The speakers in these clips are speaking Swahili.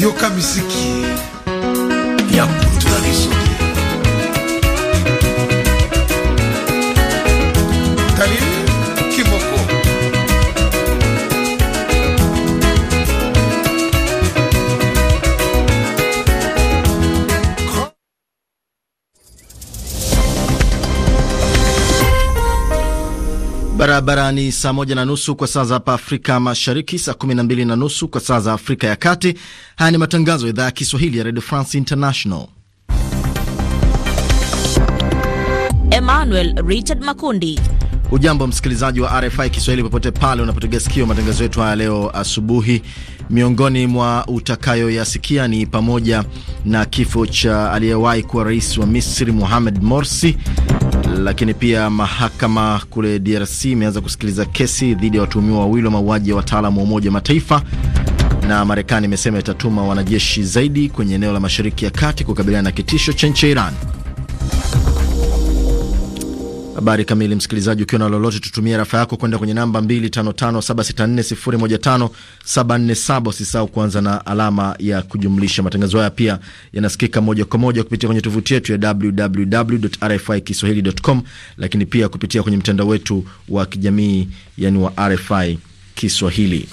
yoka misiki ya Barabara ni saa moja na nusu kwa saa za hapa Afrika Mashariki, saa kumi na mbili na nusu kwa saa za Afrika ya Kati. Haya ni matangazo ya idhaa ya Kiswahili ya Radio France International. Emmanuel Richard Makundi. Ujambo msikilizaji wa RFI Kiswahili popote pale unapotega sikio matangazo yetu haya leo asubuhi. Miongoni mwa utakayoyasikia ni pamoja na kifo cha aliyewahi kuwa rais wa Misri Mohamed Morsi lakini pia mahakama kule DRC imeanza kusikiliza kesi dhidi ya watuhumiwa wawili wa mauaji ya wataalam wa Umoja Mataifa, na Marekani imesema itatuma wanajeshi zaidi kwenye eneo la Mashariki ya Kati kukabiliana na kitisho cha nchi ya Iran. Habari kamili, msikilizaji, ukiwa na lolote, tutumie rafa yako kwenda kwenye namba 255764015747. Usisahau kuanza na alama ya kujumlisha. Matangazo haya pia yanasikika moja kwa moja kupitia kwenye tovuti yetu ya www.rfikiswahili.com, lakini pia kupitia kwenye mtandao wetu wa kijamii, yani wa RFI Kiswahili.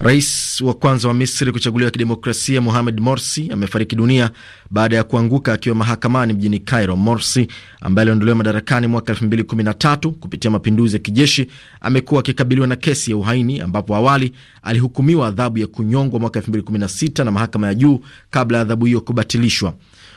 Rais wa kwanza wa Misri kuchaguliwa kidemokrasia Mohamed Morsi amefariki dunia baada ya kuanguka akiwa mahakamani mjini Cairo. Morsi ambaye aliondolewa madarakani mwaka 2013 kupitia mapinduzi ya kijeshi amekuwa akikabiliwa na kesi ya uhaini, ambapo awali alihukumiwa adhabu ya kunyongwa mwaka 2016 na mahakama ya juu kabla ya adhabu hiyo kubatilishwa.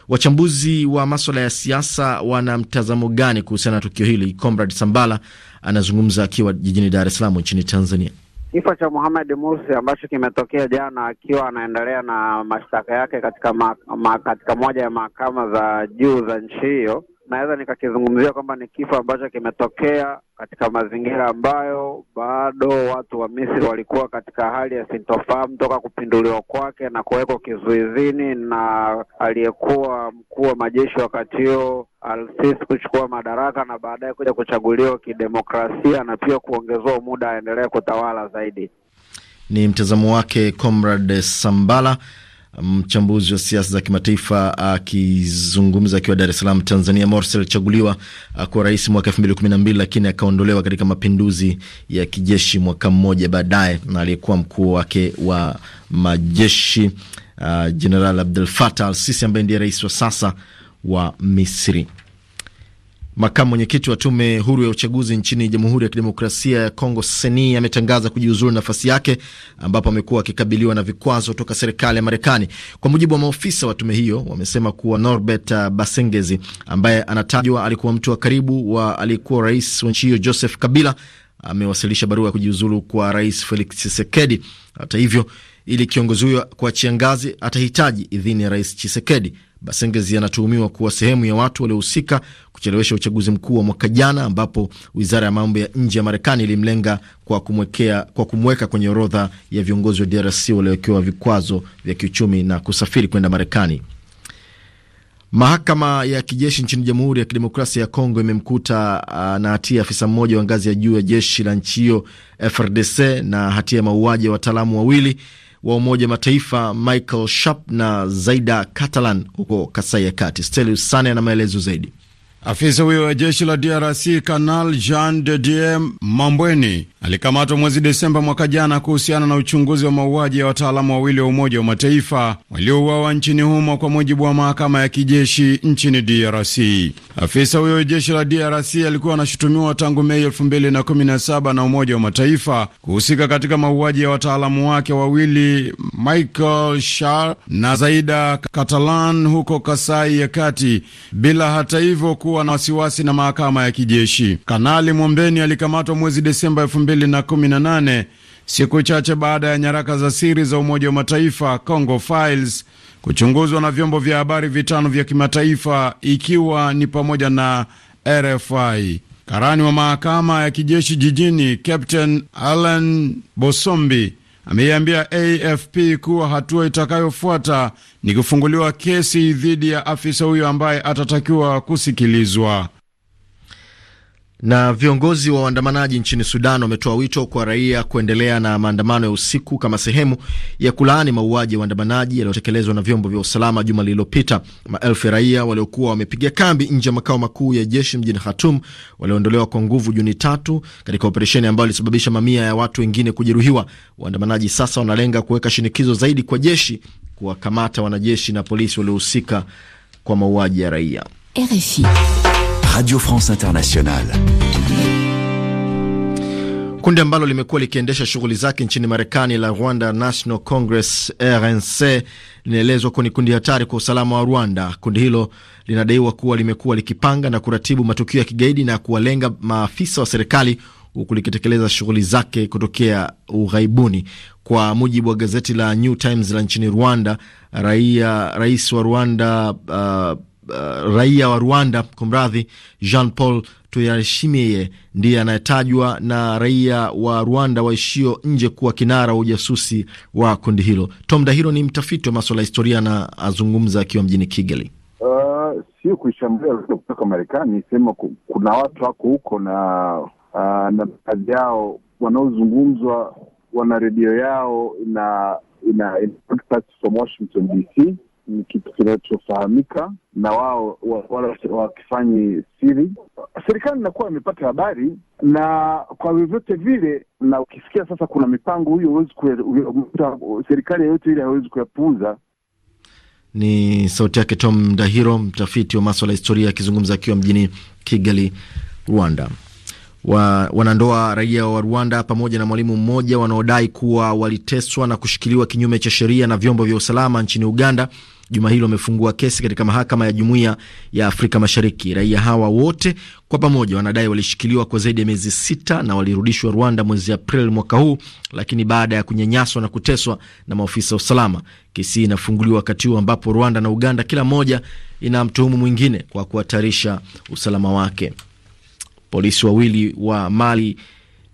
Wachambuzi wa maswala ya siasa wana mtazamo gani kuhusiana na tukio hili? Comrade Sambala anazungumza akiwa jijini Dar es Salaam nchini Tanzania. Kifo cha muhamed Mursi ambacho kimetokea jana akiwa anaendelea na mashtaka yake katika, ma, ma, katika moja ya mahakama za juu za nchi hiyo naweza nikakizungumzia kwamba ni kifo ambacho kimetokea katika mazingira ambayo bado watu wa Misri walikuwa katika hali ya sintofahamu toka kupinduliwa kwake na kuwekwa kizuizini na aliyekuwa mkuu wa majeshi wakati huo Al-Sisi kuchukua madaraka na baadaye kuja kuchaguliwa kidemokrasia na pia kuongezewa muda aendelee kutawala zaidi. Ni mtazamo wake Comrade Sambala mchambuzi wa siasa za kimataifa akizungumza akiwa Dar es Salaam, Tanzania. Morsel alichaguliwa uh, kuwa rais mwaka elfu mbili kumi na mbili lakini akaondolewa katika mapinduzi ya kijeshi mwaka mmoja baadaye, na aliyekuwa mkuu wake wa majeshi Jeneral uh, Abdel Fattah al-Sisi ambaye ndiye rais wa sasa wa Misri. Makamu mwenyekiti wa tume huru ya uchaguzi nchini Jamhuri ya Kidemokrasia ya Kongo Seni ametangaza kujiuzulu nafasi yake, ambapo amekuwa akikabiliwa na vikwazo toka serikali ya Marekani. Kwa mujibu wa maofisa wa tume hiyo, wamesema kuwa Norbert Basengezi ambaye anatajwa alikuwa mtu wa karibu wa aliyekuwa rais wa nchi hiyo Joseph Kabila amewasilisha barua ya kujiuzulu kwa Rais Felix Tshisekedi. Hata hivyo, ili kiongozi huyo kuachia ngazi atahitaji idhini ya Rais Tshisekedi. Basengezi anatuhumiwa kuwa sehemu ya watu waliohusika kuchelewesha uchaguzi mkuu wa mwaka jana, ambapo wizara ya mambo ya nje ya Marekani ilimlenga kwa kumwekea, kwa kumweka kwenye orodha ya viongozi wa DRC waliowekewa vikwazo vya kiuchumi na kusafiri kwenda Marekani. Mahakama ya kijeshi nchini Jamhuri ya Kidemokrasia ya Kongo imemkuta uh, na hatia afisa mmoja wa ngazi ya juu ya jeshi la nchi hiyo FRDC na hatia ya mauaji ya wataalamu wawili wa Umoja Mataifa Michael Sharp na Zaida Catalan huko Kasai ya Kati. steli Sane ana maelezo zaidi. Afisa huyo wa jeshi la DRC canal Jean de Dieu Mambweni alikamatwa mwezi Desemba mwaka jana kuhusiana na uchunguzi wa mauaji ya wataalamu wawili wa Umoja wa Mataifa waliouawa nchini humo kwa mujibu wa mahakama ya kijeshi nchini DRC. Afisa huyo wa jeshi la DRC alikuwa anashutumiwa tangu Mei 2017 na Umoja wa Mataifa kuhusika katika mauaji ya wataalamu wake wawili Michael Shar na Zaida Catalan huko Kasai ya Kati, bila hata hivyo kuwa na wasiwasi na mahakama ya kijeshi. Kanali Mwombeni alikamatwa mwezi Desemba 2018 siku chache baada ya nyaraka za siri za Umoja wa Mataifa Congo Files kuchunguzwa na vyombo vya habari vitano vya kimataifa ikiwa ni pamoja na RFI. Karani wa mahakama ya kijeshi jijini Captain Alan Bosombi ameiambia AFP kuwa hatua itakayofuata ni kufunguliwa kesi dhidi ya afisa huyo ambaye atatakiwa kusikilizwa. Na viongozi wa waandamanaji nchini Sudan wametoa wito kwa raia kuendelea na maandamano ya usiku kama sehemu ya kulaani mauaji ya waandamanaji yaliyotekelezwa na vyombo vya usalama juma lililopita. Maelfu ya raia waliokuwa wamepiga kambi nje ya makao makuu ya jeshi mjini Khartoum waliondolewa kwa nguvu Juni tatu katika operesheni ambayo ilisababisha mamia ya watu wengine kujeruhiwa. Waandamanaji sasa wanalenga kuweka shinikizo zaidi kwa jeshi kuwakamata wanajeshi na polisi waliohusika kwa mauaji ya raia. RFI. Radio France Internationale. Kundi ambalo limekuwa likiendesha shughuli zake nchini Marekani la Rwanda National Congress RNC linaelezwa kuwa ni kundi hatari kwa usalama wa Rwanda. Kundi hilo linadaiwa kuwa limekuwa likipanga na kuratibu matukio ya kigaidi na kuwalenga maafisa wa serikali huku likitekeleza shughuli zake kutokea ughaibuni. Kwa mujibu wa gazeti la New Times la nchini Rwanda, raia rais wa Rwanda uh, uh, raia wa Rwanda, kumradhi, Jean Paul Tuyashimiye ndiye anayetajwa na raia wa Rwanda waishio nje kuwa kinara wa ujasusi wa kundi hilo. Tom Dahiro ni mtafiti wa maswala ya historia na azungumza akiwa mjini Kigali. Uh, sio kuishambulia kutoka Marekani, sema kuna watu wako huko na uh, na baadhi yao wanaozungumzwa wana redio yao ina ina, ina, ina from Washington DC ni kitu kinachofahamika na wao wala wakifanyi siri. Serikali inakuwa imepata habari, na kwa vyovyote vile, na ukisikia sasa kuna mipango hiyo, huwezi serikali yoyote ile hawezi kuyapuuza. Ni sauti yake Tom Dahiro, mtafiti wa maswala ya historia, akizungumza akiwa mjini Kigali, Rwanda. Wa, wanandoa raia wa Rwanda pamoja na mwalimu mmoja wanaodai kuwa waliteswa na kushikiliwa kinyume cha sheria na vyombo vya usalama nchini Uganda juma hilo wamefungua kesi katika mahakama ya jumuiya ya Afrika Mashariki. Raia hawa wote kwa pamoja wanadai walishikiliwa kwa zaidi ya miezi sita na walirudishwa Rwanda mwezi Aprili mwaka huu, lakini baada ya kunyanyaswa na kuteswa na maofisa wa usalama. Kesi hii inafunguliwa wakati huu ambapo Rwanda na Uganda kila moja ina mtuhumu mwingine kwa kuhatarisha usalama wake. Polisi wawili wa Mali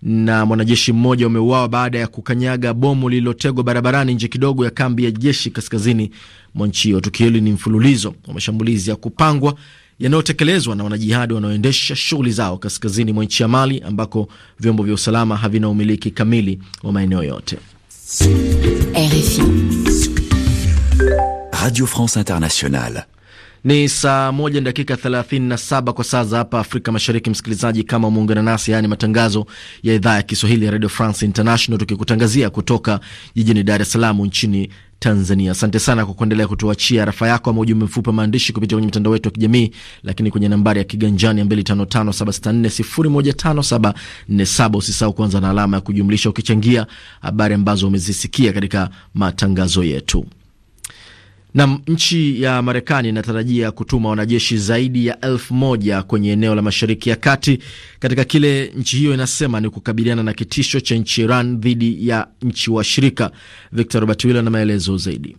na mwanajeshi mmoja umeuawa baada ya kukanyaga bomu lililotegwa barabarani nje kidogo ya kambi ya jeshi kaskazini mwa nchi hiyo. Tukio hili ni mfululizo wa mashambulizi ya kupangwa yanayotekelezwa na wanajihadi wanaoendesha shughuli zao kaskazini mwa nchi ya Mali, ambako vyombo vya usalama havina umiliki kamili wa maeneo yote. RFI Radio France Internationale ni saa moja na dakika saba kwa saa za hapa Afrika Mashariki. Msikilizaji, kama umeungana nasi, yaani matangazo ya idhaa ya Kiswahili ya Radio France International, tukikutangazia kutoka jijini Dar es Salaam nchini Tanzania. Asante sana kwa kuendelea kutuachia rafa yako ama ujumbe mfupi maandishi kupitia kwenye mtandao wetu wa kijamii, lakini kwenye nambari ya kiganjani 255764015747. Usisahau kuanza na alama ya kujumlisha ukichangia habari ambazo umezisikia katika matangazo yetu. Nam, nchi ya Marekani inatarajia kutuma wanajeshi zaidi ya elfu moja kwenye eneo la Mashariki ya Kati katika kile nchi hiyo inasema ni kukabiliana na kitisho cha nchi Iran dhidi ya nchi washirika. Victor Robert Wille na maelezo zaidi.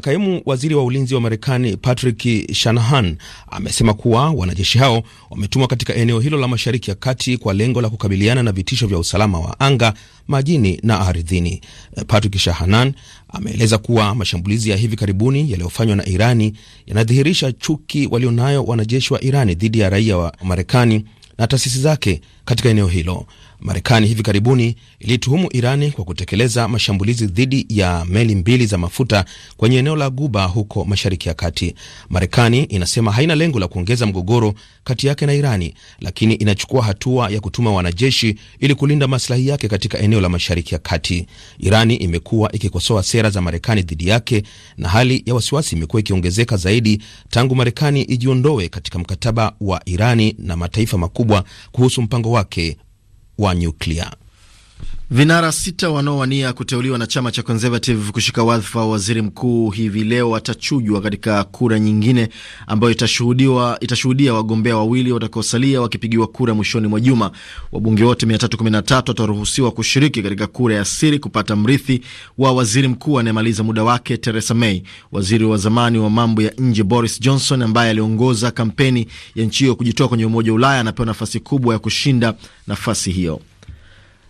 Kaimu waziri wa ulinzi wa Marekani Patrick Shanahan amesema kuwa wanajeshi hao wametumwa katika eneo hilo la Mashariki ya Kati kwa lengo la kukabiliana na vitisho vya usalama wa anga, majini na ardhini. Patrick Shanahan ameeleza kuwa mashambulizi ya hivi karibuni yaliyofanywa na Irani yanadhihirisha chuki walionayo wanajeshi wa Irani dhidi ya raia wa Marekani na taasisi zake katika eneo hilo. Marekani hivi karibuni ilituhumu Irani kwa kutekeleza mashambulizi dhidi ya meli mbili za mafuta kwenye eneo la Guba huko Mashariki ya Kati. Marekani inasema haina lengo la kuongeza mgogoro kati yake na Irani, lakini inachukua hatua ya kutuma wanajeshi ili kulinda maslahi yake katika eneo la Mashariki ya Kati. Irani imekuwa ikikosoa sera za Marekani dhidi yake na hali ya wasiwasi imekuwa ikiongezeka zaidi tangu Marekani ijiondoe katika mkataba wa Irani na mataifa makubwa kuhusu mpango wake wa nyuklia. Vinara sita wanaowania kuteuliwa na chama cha Conservative kushika wadhifa wa waziri mkuu hivi leo watachujwa katika kura nyingine ambayo itashuhudiwa itashuhudia wagombea wawili watakaosalia wakipigiwa kura mwishoni mwa juma. Wabunge wote 313 wataruhusiwa kushiriki katika kura ya siri kupata mrithi wa waziri mkuu anayemaliza muda wake Theresa May. Waziri wa zamani wa mambo ya nje Boris Johnson ambaye aliongoza kampeni ya nchi hiyo kujitoa kwenye Umoja wa Ulaya anapewa nafasi kubwa ya kushinda nafasi hiyo.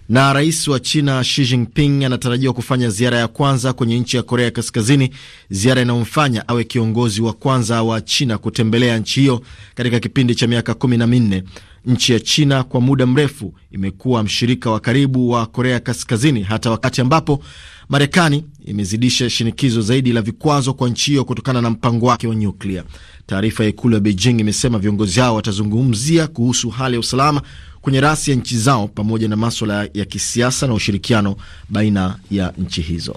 Na rais wa China Xi Jinping anatarajiwa kufanya ziara ya kwanza kwenye nchi ya Korea Kaskazini, ziara inayomfanya awe kiongozi wa kwanza wa China kutembelea nchi hiyo katika kipindi cha miaka kumi na minne. Nchi ya China kwa muda mrefu imekuwa mshirika wa karibu wa Korea Kaskazini, hata wakati ambapo Marekani imezidisha shinikizo zaidi la vikwazo kwa nchi hiyo kutokana na mpango wake wa nyuklia. Taarifa ya ikulu ya Beijing imesema viongozi hao watazungumzia kuhusu hali ya usalama kwenye rasi ya nchi zao pamoja na maswala ya kisiasa na ushirikiano baina ya nchi hizo.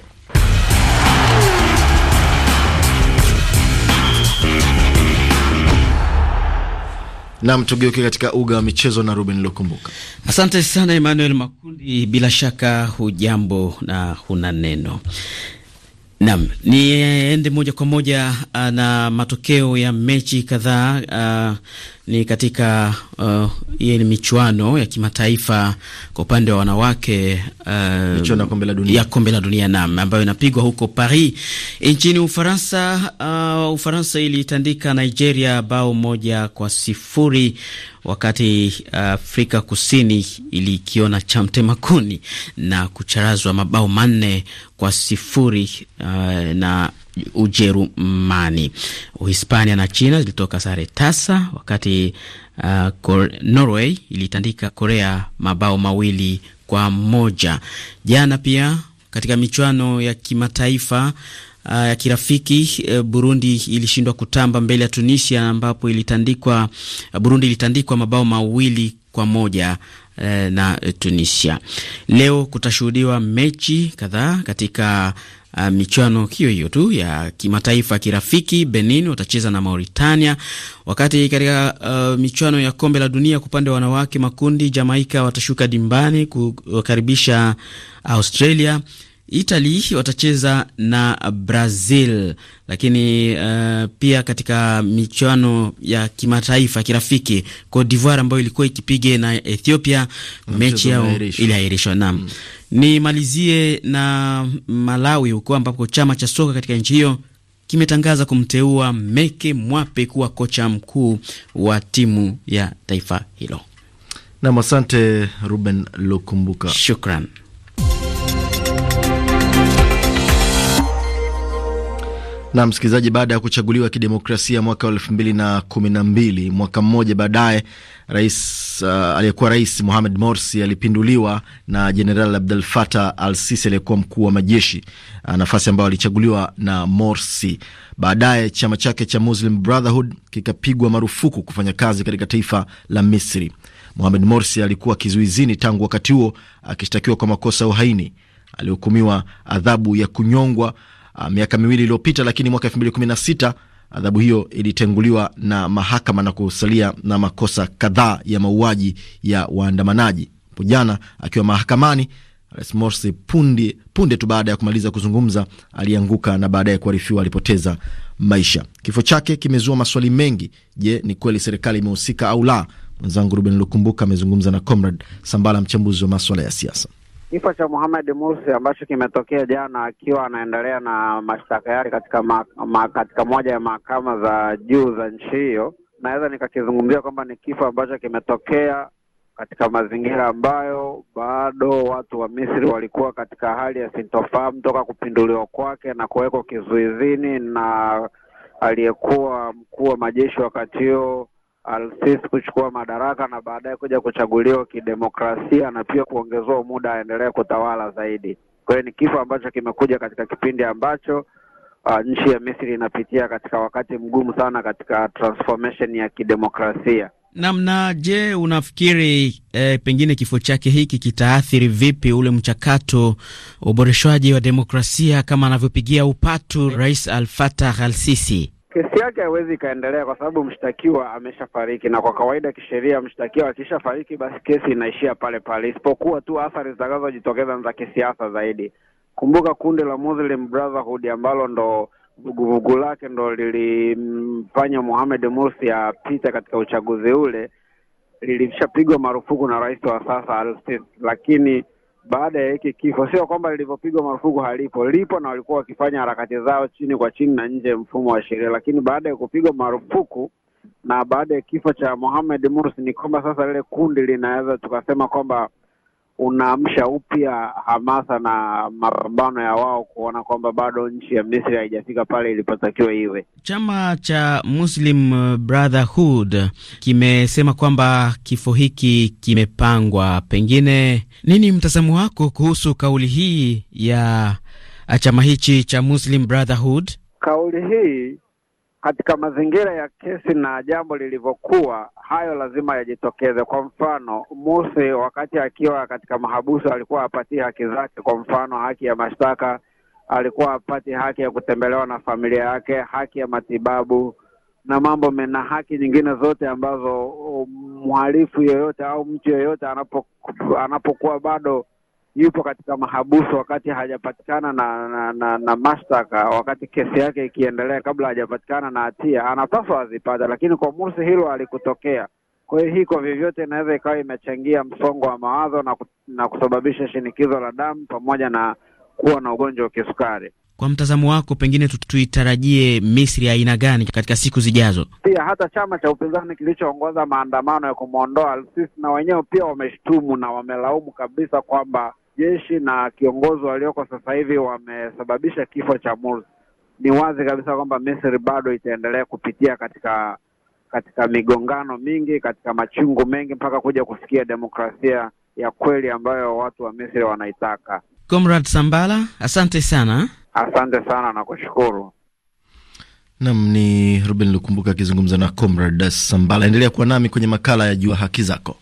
Nam, tugeuke katika uga wa michezo na Ruben Lukumbuka. Asante sana Emmanuel Makundi, bila shaka hujambo na huna neno. Nam, niende moja kwa moja ah, na matokeo ya mechi kadhaa uh, ni katika hiyo uh, ni michuano ya kimataifa kwa upande wa wanawake uh, kombe la dunia, ya kombe la dunia nam ambayo inapigwa huko Paris nchini Ufaransa. Uh, Ufaransa ilitandika Nigeria bao moja kwa sifuri wakati uh, Afrika Kusini ilikiona chamte makuni na kucharazwa mabao manne kwa sifuri uh, na Ujerumani. Uhispania na China zilitoka sare tasa, wakati uh, Norway ilitandika Korea mabao mawili kwa moja. Jana pia katika michuano ya kimataifa uh, ya kirafiki uh, Burundi ilishindwa kutamba mbele ya Tunisia ambapo ilitandikwa uh, Burundi ilitandikwa mabao mawili kwa moja uh, na Tunisia. Leo kutashuhudiwa mechi kadhaa katika uh, michuano hiyo hiyo tu ya kimataifa kirafiki. Benin watacheza na Mauritania, wakati katika uh, michuano ya kombe la dunia kwa upande wa wanawake makundi, Jamaika watashuka dimbani kukaribisha Australia. Italy watacheza na Brazil, lakini uh, pia katika michuano ya kimataifa kirafiki Cote d'Ivoire ambayo ilikuwa ikipiga na Ethiopia na mechi yao iliahirishwa. Naam, mm. Nimalizie na Malawi huko ambapo chama cha soka katika nchi hiyo kimetangaza kumteua Meke Mwape kuwa kocha mkuu wa timu ya taifa hilo. Nam, asante Ruben Lukumbuka, shukran. Na msikilizaji, baada ya kuchaguliwa kidemokrasia mwaka wa elfu mbili na kumi na mbili, mwaka mmoja baadaye rais uh, aliyekuwa rais Mohamed Morsi alipinduliwa na Jeneral Abdel Fattah al Sisi aliyekuwa mkuu wa majeshi uh, nafasi ambayo alichaguliwa na Morsi. Baadaye chama chake cha Muslim Brotherhood kikapigwa marufuku kufanya kazi katika taifa la Misri. Mohamed Morsi alikuwa kizuizini tangu wakati huo akishtakiwa kwa makosa ya uhaini. Alihukumiwa adhabu ya kunyongwa Ah, miaka miwili iliyopita, lakini mwaka sita adhabu hiyo ilitenguliwa na mahakama na kusalia na makosa kadhaa ya mauaji ya waandamanaji. Hapo jana akiwa mahakamani, Rais Morsi punde, punde tu baada ya kumaliza kuzungumza alianguka na baadaye kuarifiwa alipoteza maisha. Kifo chake kimezua maswali mengi. Je, ni kweli serikali imehusika au la? Mwenzangu Ruben Lukumbuka amezungumza na Comrad Sambala, mchambuzi wa maswala ya siasa. Kifo cha Muhamed Mursi ambacho kimetokea jana akiwa anaendelea na mashtaka yake katika ma, ma, katika moja ya mahakama za juu za nchi hiyo, naweza nikakizungumzia kwamba ni kifo ambacho kimetokea katika mazingira ambayo bado watu wa Misri walikuwa katika hali ya sintofahamu toka kupinduliwa kwake na kuwekwa kizuizini na aliyekuwa mkuu wa majeshi wakati huo al-Sisi kuchukua madaraka na baadaye kuja kuchaguliwa kidemokrasia na pia kuongezewa muda aendelee kutawala zaidi. Kwa hiyo ni kifo ambacho kimekuja katika kipindi ambacho uh, nchi ya Misri inapitia katika wakati mgumu sana katika transformation ya kidemokrasia. Namna je, unafikiri eh, pengine kifo chake hiki kitaathiri vipi ule mchakato uboreshwaji wa demokrasia kama anavyopigia upatu Rais Al Fatah Al Sisi? Kesi yake haiwezi ikaendelea kwa sababu mshtakiwa ameshafariki, na kwa kawaida kisheria, mshtakiwa akishafariki, basi kesi inaishia pale pale, isipokuwa tu athari zitakazojitokeza za kisiasa zaidi. Kumbuka kundi la Muslim Brotherhood ambalo ndo vuguvugu lake ndo lilimfanya muhamed Mursi apite katika uchaguzi ule lilishapigwa marufuku na rais wa sasa al lakini baada ya hiki kifo. Sio kwamba lilivyopigwa marufuku halipo, lipo na walikuwa wakifanya harakati zao chini kwa chini na nje mfumo wa sheria, lakini baada ya kupigwa marufuku na baada ya kifo cha Mohamed Mursi ni kwamba sasa lile kundi linaweza tukasema kwamba unaamsha upya hamasa na mapambano ya wao kuona kwamba bado nchi ya Misri haijafika pale ilipotakiwa iwe. Chama cha Muslim Brotherhood kimesema kwamba kifo hiki kimepangwa. Pengine nini mtazamo wako kuhusu kauli hii ya chama hichi cha Muslim Brotherhood? Kauli hii katika mazingira ya kesi na jambo lilivyokuwa, hayo lazima yajitokeze. Kwa mfano, Musi wakati akiwa katika mahabusu alikuwa apatie haki zake, kwa mfano haki ya mashtaka, alikuwa apati haki ya kutembelewa na familia yake, haki ya matibabu na mambo mena, haki nyingine zote ambazo um, mhalifu yeyote au mtu yeyote anapokuwa anapo bado yupo katika mahabusu wakati hajapatikana na na, na, na mashtaka, wakati kesi yake ikiendelea, kabla hajapatikana na hatia, anapaswa azipata, lakini kwa Mursi hilo alikutokea. Kwa hiyo hii kwa vyovyote inaweza ikawa imechangia msongo wa mawazo na, na kusababisha shinikizo la damu pamoja na kuwa na ugonjwa wa kisukari. Kwa mtazamo wako, pengine tuitarajie Misri aina gani katika siku zijazo? Pia hata chama cha upinzani kilichoongoza maandamano ya kumwondoa al-Sisi na wenyewe pia wameshtumu na wamelaumu kabisa kwamba jeshi na kiongozi walioko sasa hivi wamesababisha kifo cha Mursi, ni wazi kabisa kwamba Misri bado itaendelea kupitia katika katika migongano mingi, katika machungu mengi, mpaka kuja kufikia demokrasia ya kweli ambayo watu wa Misri wanaitaka. Comrade Sambala, asante sana. Asante sana na kushukuru. Nam ni Ruben Lukumbuka akizungumza na Comrade Sambala. Endelea kuwa nami kwenye makala ya Jua Haki Zako.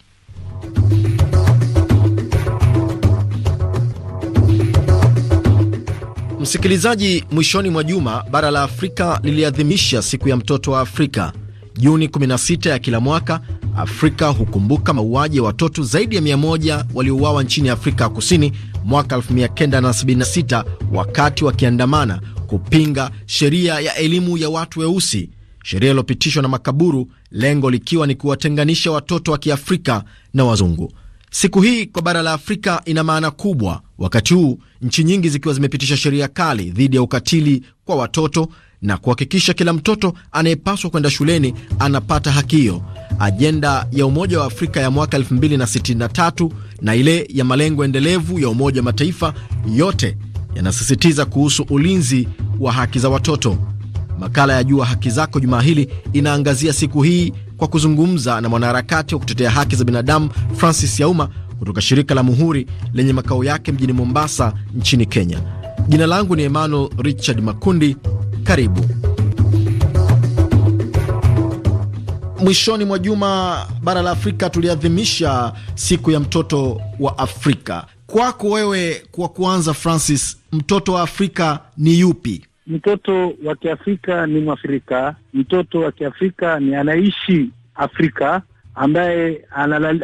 Msikilizaji, mwishoni mwa juma bara la Afrika liliadhimisha siku ya mtoto wa Afrika. Juni 16 ya kila mwaka Afrika hukumbuka mauaji ya watoto zaidi ya 100 waliouawa nchini Afrika ya Kusini mwaka 1976 wakati wakiandamana kupinga sheria ya elimu ya watu weusi, sheria iliyopitishwa na makaburu, lengo likiwa ni kuwatenganisha watoto wa Kiafrika na wazungu. Siku hii kwa bara la Afrika ina maana kubwa, wakati huu nchi nyingi zikiwa zimepitisha sheria kali dhidi ya ukatili kwa watoto na kuhakikisha kila mtoto anayepaswa kwenda shuleni anapata haki hiyo. Ajenda ya Umoja wa Afrika ya mwaka 2063 na ile ya malengo endelevu ya Umoja wa Mataifa yote yanasisitiza kuhusu ulinzi wa haki za watoto. Makala ya Jua Haki Zako jumaa hili inaangazia siku hii kwa kuzungumza na mwanaharakati wa kutetea haki za binadamu Francis Yauma kutoka shirika la Muhuri lenye makao yake mjini Mombasa nchini Kenya. Jina langu ni Emmanuel Richard Makundi. Karibu. Mwishoni mwa juma bara la Afrika tuliadhimisha siku ya mtoto wa Afrika. Kwako wewe, kwa kuanza, Francis, mtoto wa Afrika ni yupi? mtoto wa Kiafrika ni Mwafrika, mtoto wa Kiafrika ni anaishi Afrika ambaye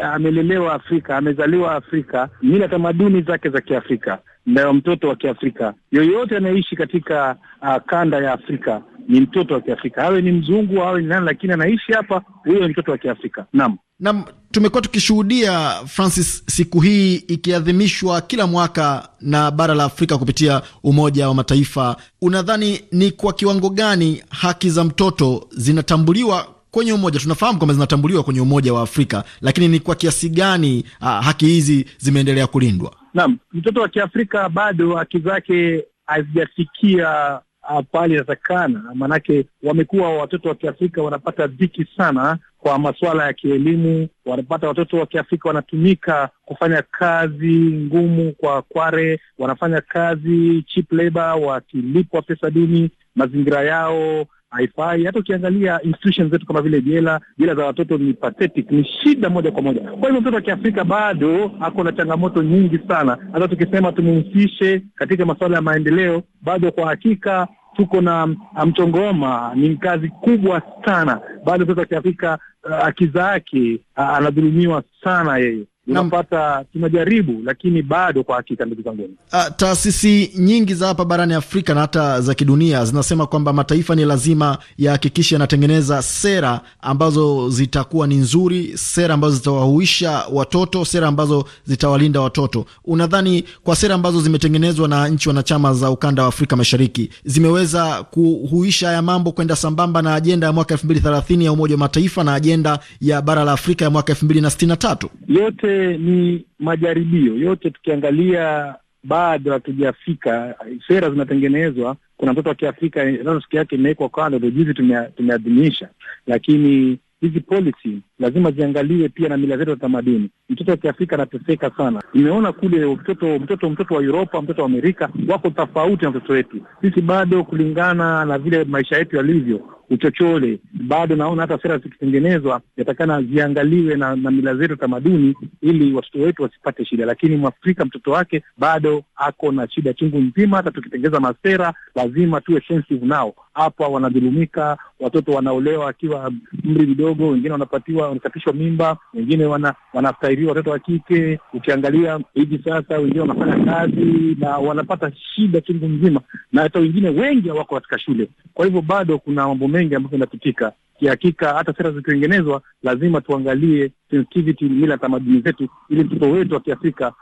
amelelewa Afrika, amezaliwa Afrika, mila tamaduni zake za Kiafrika. Ndio mtoto wa Kiafrika yoyote anaishi katika uh, kanda ya Afrika ni mtoto wa Kiafrika, awe ni mzungu awe ni nani, lakini anaishi hapa, huyo ni mtoto wa Kiafrika. Naam na tumekuwa tukishuhudia Francis, siku hii ikiadhimishwa kila mwaka na bara la Afrika kupitia Umoja wa Mataifa. Unadhani ni kwa kiwango gani haki za mtoto zinatambuliwa kwenye umoja? Tunafahamu kwamba zinatambuliwa kwenye Umoja wa Afrika, lakini ni kwa kiasi gani ah, haki hizi zimeendelea kulindwa? nam mtoto wa Kiafrika bado haki zake hazijafikia ah, pale inatakana, maanake wamekuwa watoto wa Kiafrika wanapata dhiki sana kwa masuala ya kielimu, wanapata watoto wa Kiafrika wanatumika kufanya kazi ngumu kwa kware, wanafanya kazi cheap labor, wakilipwa pesa duni, mazingira yao haifai. Hata ukiangalia institution zetu kama vile jela, jela za watoto ni pathetic, ni shida moja kwa moja. Kwa hivyo mtoto wa Kiafrika bado ako na changamoto nyingi sana, hata tukisema tumhusishe katika masuala ya maendeleo, bado kwa hakika tuko na uh, mchongoma, ni kazi kubwa sana bado. Sasa akiafika haki zake anadhulumiwa sana yeye unapata mm. tunajaribu, lakini bado kwa hakika, ndugu zangu, ah, taasisi nyingi za hapa barani Afrika na hata za kidunia zinasema kwamba mataifa ni lazima yahakikishe yanatengeneza sera ambazo zitakuwa ni nzuri, sera ambazo zitawahuisha watoto, sera ambazo zitawalinda watoto. Unadhani kwa sera ambazo zimetengenezwa na nchi wanachama za ukanda wa Afrika Mashariki zimeweza kuhuisha haya mambo kwenda sambamba na ajenda ya mwaka elfu mbili thelathini ya Umoja wa Mataifa na ajenda ya bara la Afrika ya mwaka elfu mbili na sitini na tatu yote yote ni majaribio, yote tukiangalia bado hatujafika. Sera zinatengenezwa, kuna mtoto wa Kiafrika siku yake imewekwa kando, ndo juzi tumeadhimisha, lakini hizi policy lazima ziangaliwe pia na mila zetu za tamaduni. Mtoto wa Kiafrika anateseka sana. imeona kule mtoto mtoto mtoto wa Uropa, mtoto wa Amerika wako tofauti na mtoto wetu sisi, bado kulingana na vile maisha yetu yalivyo uchochole bado naona hata sera zikitengenezwa yatakana ziangaliwe na, na mila zetu tamaduni, ili watoto wetu wasipate shida. Lakini mwafrika mtoto wake bado ako na shida chungu nzima. Hata tukitengeza masera, lazima tuwe sensitive nao. Hapa wanadhulumika, watoto wanaolewa wakiwa mri mdogo, wengine wanapatiwa wanakatishwa mimba, wengine wana, wanastahiriwa watoto wa kike. Ukiangalia hivi sasa, wengine wanafanya kazi na wanapata shida chungu mzima, na hata wengine wengi hawako katika shule. Kwa hivyo bado kuna mambo mengi ambayo yanapitika kihakika, hata sera zikitengenezwa, lazima tuangalie sensitivity, mila, tamaduni zetu, ili mtoto wetu wa Kiafrika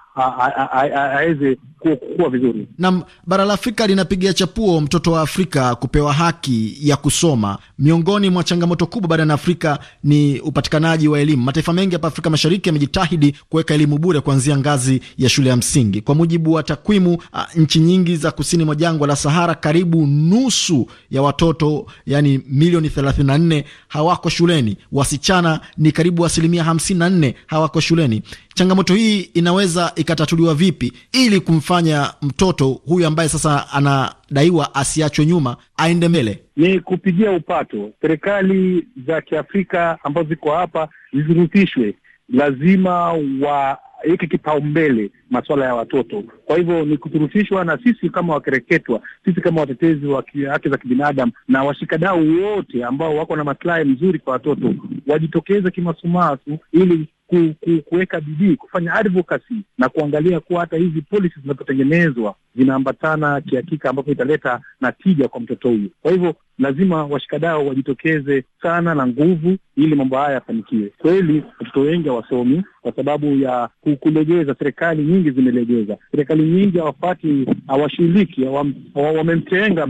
aweze kukua vizuri. Naam, bara la Afrika linapigia chapuo mtoto wa Afrika kupewa haki ya kusoma. Miongoni mwa changamoto kubwa barani Afrika ni upatikanaji wa elimu. Mataifa mengi hapa Afrika Mashariki yamejitahidi kuweka elimu bure kuanzia ngazi ya shule ya msingi. Kwa mujibu wa takwimu, nchi nyingi za kusini mwa jangwa la Sahara, karibu nusu ya watoto, yani milioni nne hawako shuleni. Wasichana ni karibu asilimia 54 hawako shuleni. Changamoto hii inaweza ikatatuliwa vipi ili kumfanya mtoto huyu ambaye sasa anadaiwa asiachwe nyuma aende mbele? Ni kupigia upato. Serikali za Kiafrika ambazo ziko hapa zishurutishwe, lazima wa hiki kipaumbele masuala ya watoto. Kwa hivyo ni kuturufishwa na sisi kama wakereketwa, sisi kama watetezi wa haki za kibinadamu na washikadau wote ambao wako na maslahi mzuri kwa watoto wajitokeze kimasumasu ili kuweka bidii kufanya advocacy na kuangalia kuwa hata hizi policies zinapotengenezwa zinaambatana kihakika, ambapo italeta na tija kwa mtoto huyu. Kwa hivyo lazima washikadao wajitokeze sana na nguvu, ili mambo haya yafanikiwe. Kweli watoto wengi hawasomi kwa sababu ya kulegeza. Serikali nyingi zimelegeza, serikali nyingi hawapati, hawashiriki, wamemtenga,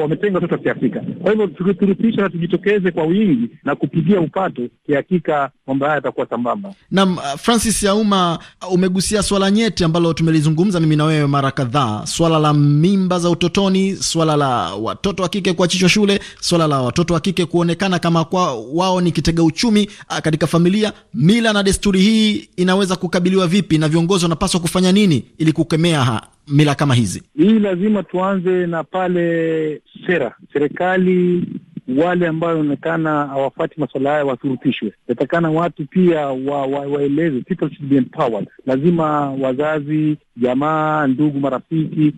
wametenga watoto wa Kiafrika. Kwa hivyo tukiturutisha na tujitokeze kwa wingi na kupigia upato, kihakika mambo haya yatakuwa sambamba. Naam, Francis Yauma, umegusia swala nyeti ambalo tumelizungumza mimi na wewe mara kadhaa swala la mimba za utotoni, swala la watoto wa kike kuachishwa shule, swala la watoto wa kike kuonekana kama kwa wao ni kitega uchumi ah, katika familia. Mila na desturi hii inaweza kukabiliwa vipi, na viongozi wanapaswa kufanya nini ili kukemea ha mila kama hizi? Hii lazima tuanze na pale sera, serikali wale ambao wanaonekana hawafati masuala haya wathurutishwe. Inatakana watu pia wa, wa, waeleze, people should be empowered. Lazima wazazi, jamaa, ndugu, marafiki,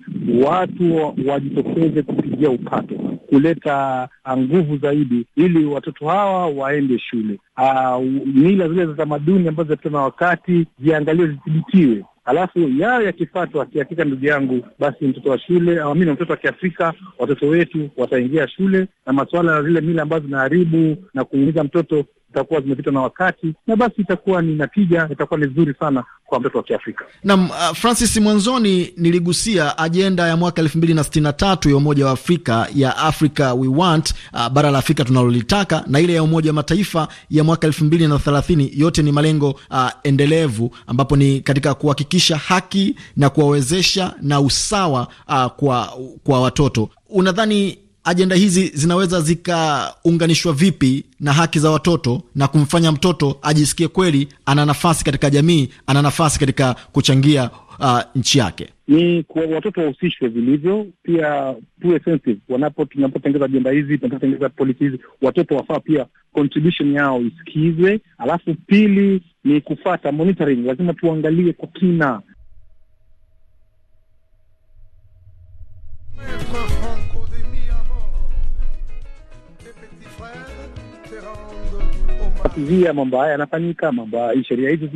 watu wajitokeze kupigia upato, kuleta nguvu zaidi, ili watoto hawa waende shule. Ah, mila zile za tamaduni ambazo zinapitwa na wakati ziangaliwe, zithibitiwe. Alafu yao yakifatwa, kihakika ndugu yangu, basi mtoto wa shule au na mtoto wa Kiafrika, watoto wetu wataingia shule, na masuala ya zile mila ambazo zinaharibu na kuingiza mtoto zitakuwa zimepita na wakati, na basi itakuwa ni natija, itakuwa ni nzuri sana kwa mtoto wa Kiafrika. Naam, uh, Francis, mwanzoni niligusia ajenda ya mwaka elfu mbili na sitini na tatu ya Umoja wa Afrika ya Africa We Want, uh, bara la Afrika tunalolitaka, na ile ya Umoja wa Mataifa ya mwaka elfu mbili na thelathini yote ni malengo uh, endelevu, ambapo ni katika kuhakikisha haki na kuwawezesha na usawa uh, kwa, kwa watoto. Unadhani ajenda hizi zinaweza zikaunganishwa vipi na haki za watoto na kumfanya mtoto ajisikie kweli ana nafasi katika jamii, ana nafasi katika kuchangia uh, nchi yake? Ni kwa watoto wahusishwe vilivyo, pia tuwe sensitive wanapo, tunapotengeza ajenda hizi, tunapotengeza polisi hizi, watoto wafaa pia contribution yao isikizwe. Alafu pili ni kufata monitoring, lazima tuangalie kwa kina kufuatilia mambo haya yanafanyika, mambo sheria hizi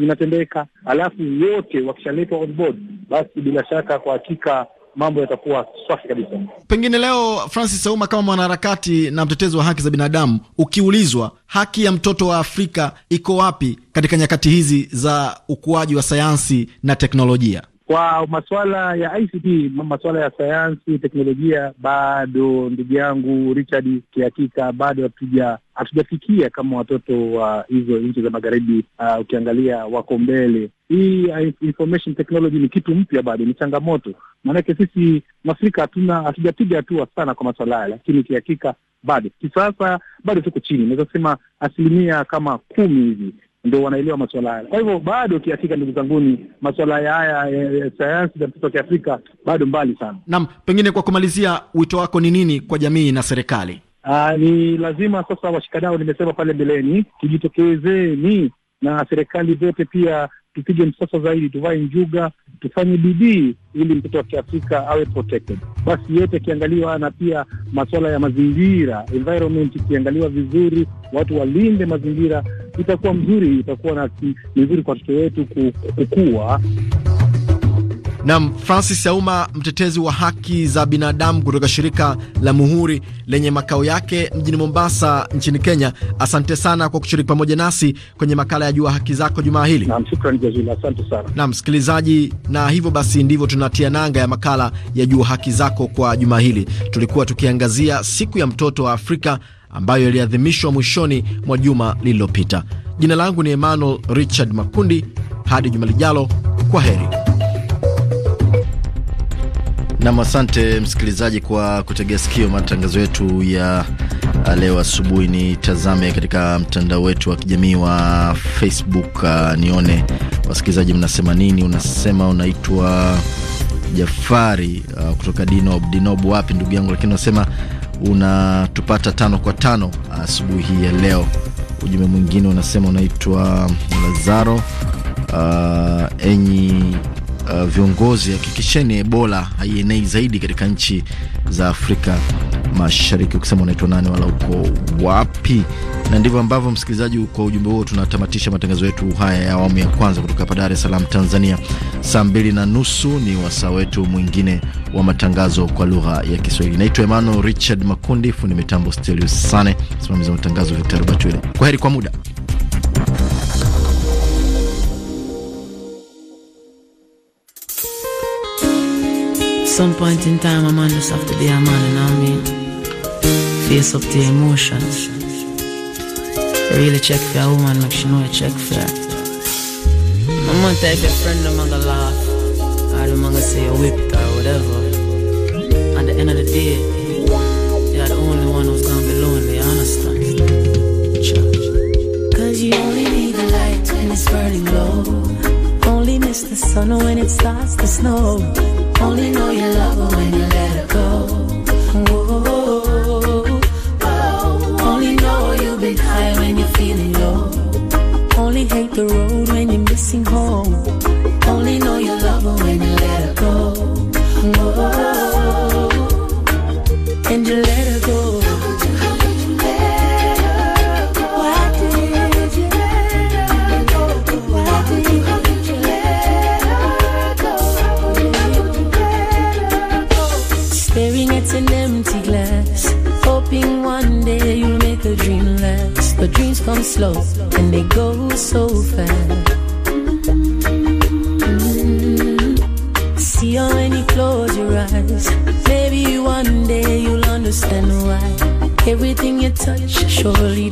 zinatendeka, alafu wote wakishaletwa on board, basi bila shaka, kwa hakika mambo yatakuwa safi kabisa. Pengine leo, Francis Auma, kama mwanaharakati na mtetezi wa haki za binadamu, ukiulizwa haki ya mtoto wa Afrika iko wapi katika nyakati hizi za ukuaji wa sayansi na teknolojia, kwa masuala ya ICT, masuala ya sayansi, teknolojia, bado ndugu yangu Richard, kihakika bado hatuja hatujafikia kama watoto wa uh, hizo nchi za magharibi uh, ukiangalia wako mbele. Hii information technology ni kitu mpya, bado ni changamoto, maanake sisi Mwafrika hatuna hatujapiga hatua sana kwa maswala haya, lakini kihakika bado kisasa bado tuko chini, naweza kusema asilimia kama kumi hivi ndio wanaelewa masuala haya. Kwa hivyo bado kiafrika, ndugu zanguni, masuala haya ya sayansi za mtoto wa kiafrika bado mbali sana. Naam, pengine kwa kumalizia, wito wako ni nini kwa jamii na serikali? Aa, ah, ni lazima sasa washikadau, nimesema pale mbeleni, tujitokezeni na serikali zote pia tupige msasa zaidi, tuvae njuga, tufanye bidii ili mtoto wa kiafrika awe protected. Basi yote akiangaliwa na pia masuala ya mazingira environment ikiangaliwa vizuri, watu walinde mazingira, itakuwa mzuri, itakuwa na ni kwa watoto wetu kukua. Nam Francis Auma, mtetezi wa haki za binadamu kutoka shirika la Muhuri lenye makao yake mjini Mombasa nchini Kenya, asante sana kwa kushiriki pamoja nasi kwenye makala ya Jua Haki Zako jumaa hili. Nam, shukrani jazila, asante sana. Nam msikilizaji, na hivyo basi ndivyo tunatia nanga ya makala ya Jua Haki Zako kwa jumaa hili. Tulikuwa tukiangazia siku ya mtoto wa Afrika ambayo iliadhimishwa mwishoni mwa juma lililopita. Jina langu ni Emmanuel Richard Makundi. Hadi juma lijalo, kwa heri. Nam, asante msikilizaji kwa kutegea sikio matangazo yetu ya uh, leo asubuhi. Ni tazame katika mtandao wetu wa kijamii wa Facebook, uh, nione wasikilizaji mnasema nini. Unasema unaitwa Jafari uh, kutoka Dinob. Dinob wapi ndugu yangu? Lakini unasema unatupata tano kwa tano asubuhi hii ya leo. Ujumbe mwingine unasema unaitwa Lazaro uh, enyi uh, viongozi, hakikisheni Ebola haienei zaidi katika nchi za Afrika Mashariki. Ukisema unaitwa nani wala uko wapi? Na ndivyo ambavyo, msikilizaji, kwa ujumbe huo tunatamatisha matangazo yetu haya ya awamu ya kwanza kutoka hapa Dar es Salaam, Tanzania. Saa mbili na nusu ni wasaa wetu mwingine wa matangazo kwa lugha ya Kiswahili. Naitwa Emmanuel Richard Makundi, fundi mitambo Stelius Sane, msimamizi wa matangazo Victor Batwile. Kwa heri kwa muda. some point in time, a man just have to be a man, you know what I mean? Face up to emotions. Really check for a woman, make sure you know you check for her. No matter if your friend them gonna laugh, or not gonna say you whipped or whatever. At the end of the day, you're the only one who's gonna be lonely, you understand? Cause you only need the light when it's burning low kiss the sun when it starts to snow. Only know you love her when you let her go. Whoa, oh. Only know you've been high when you're feeling low. Only hate the road when you're missing home. come slow and they go so fast. Mm-hmm. See how when you close your eyes. Maybe one day you'll understand why everything you touch surely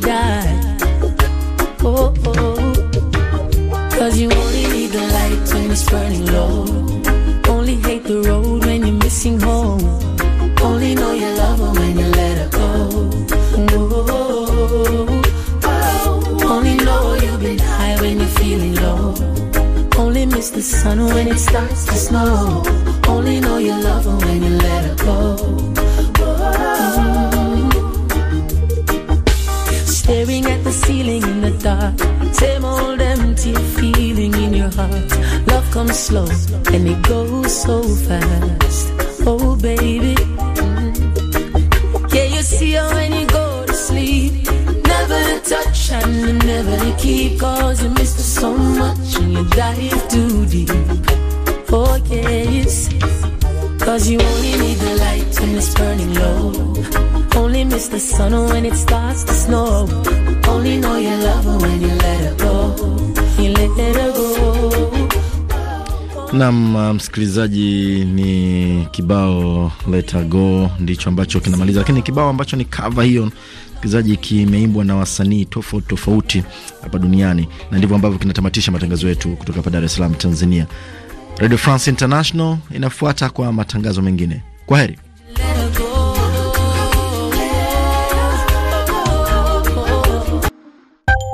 come slow and it goes so fast. Oh, baby. Yeah, you see her when you go to sleep. Never to touch and never to keep. Cause you miss her so much and you dive too deep. Oh, yes. Cause you only need the light when it's burning low. Only miss the sun when it starts to snow. Only know you love her when you let her go. You let her go. Nam uh, msikilizaji, ni kibao Let Her Go ndicho ambacho kinamaliza, lakini kibao ambacho ni cover hiyo msikilizaji, kimeimbwa na wasanii tofauti tofauti hapa duniani, na ndivyo ambavyo kinatamatisha matangazo yetu kutoka hapa Dar es Salaam, Tanzania. Radio France International inafuata kwa matangazo mengine. Kwa heri.